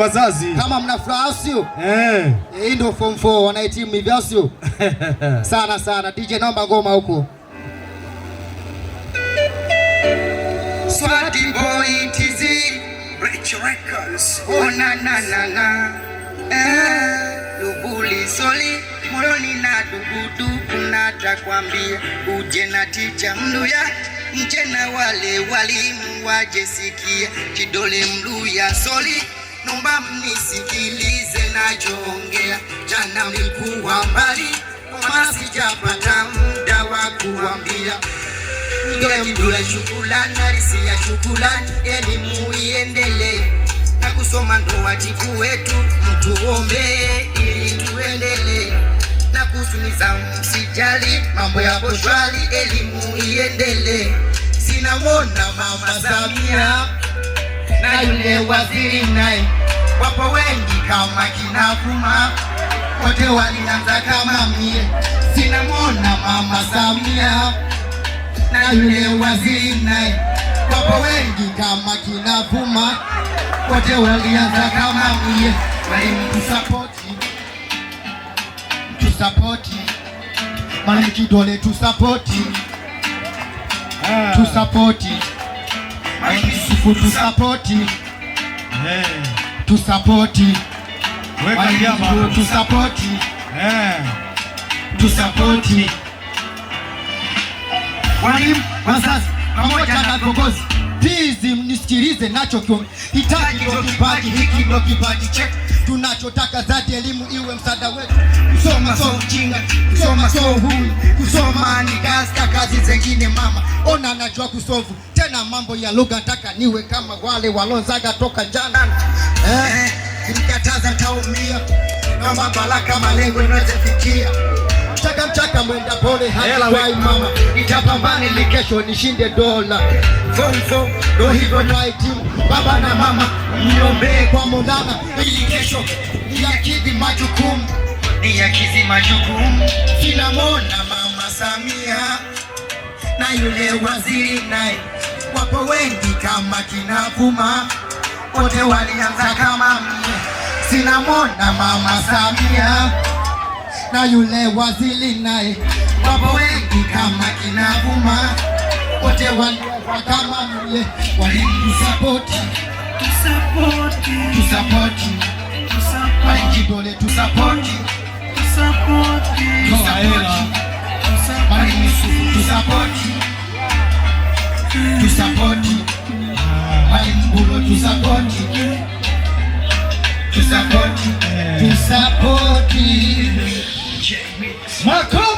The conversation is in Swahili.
Wazazi kama mna furaha sio? Eh. Hii ndio form 4 wanahitimu hivyo sio? Sana sana. DJ naomba ngoma huko. Swati boy TZ Rich Records. Oh na na na na. Eh. Lubuli soli moroni na dugudu kunata kwambia uje na ticha mluya mchena wale walimu sikia kidole mluya soli nomba mnisikilize nachoongea. Jana mlikuwa mbali, kama sijapata muda wa kuambia mdula shukrani, halisi ya shukulani elimu iendele na kusoma ndo wajibu wetu, ombe ili tuendele na kusumiza, msijali mambo yapo shwari, elimu iendele sinamona Mama Samia na yule waziri naye, wapo wengi kama kina Fuma, wote walianza kama mie. Sinamwona mama Samia na yule waziri naye, wapo wengi kama kina Fuma, wote walianza kama mie. Walimtusapoti, mtusapoti, maana kidole tusapoti, tusapoti kutusapoti hey. Tusapoti tusapoti hey. Tusapoti walimu wazazi pamoja na viongozi tizi, mnisikilize nacho hitaji ndo kipaji hiki ndo kipaji chetu tunachotaka zati elimu iwe msaada wetu. Kusoma so ujinga, kusoma so huu, kusoma ni dasta kazi zengine. Mama ona anajua kusovu tena mambo ya lugha, nataka niwe kama wale walozaga toka jana eh, nikataza taumia mama baraka malengo inazofikia mchaka mchaka mwenda pole haiwai mama, nitapambana ni kesho nishinde dola fonzo ndo hivyo timu Baba na mama mniombee kwa Maulana ili kesho ni niyakidhi majukumu, ni niyakidhi majukumu. sina mona Mama Samia na yule waziri naye wapo wengi kama kina kinavuma, wote walianza kama mie. Sina mwona mama Samia na yule waziri naye, wapo wengi kama kina kinavuma, wote walianza kama mie, walitusapoti tusapoti tusapoti, walijidole tusapoti tusapoti, Mwalimu tusapoti, tusapoti, tusapoti.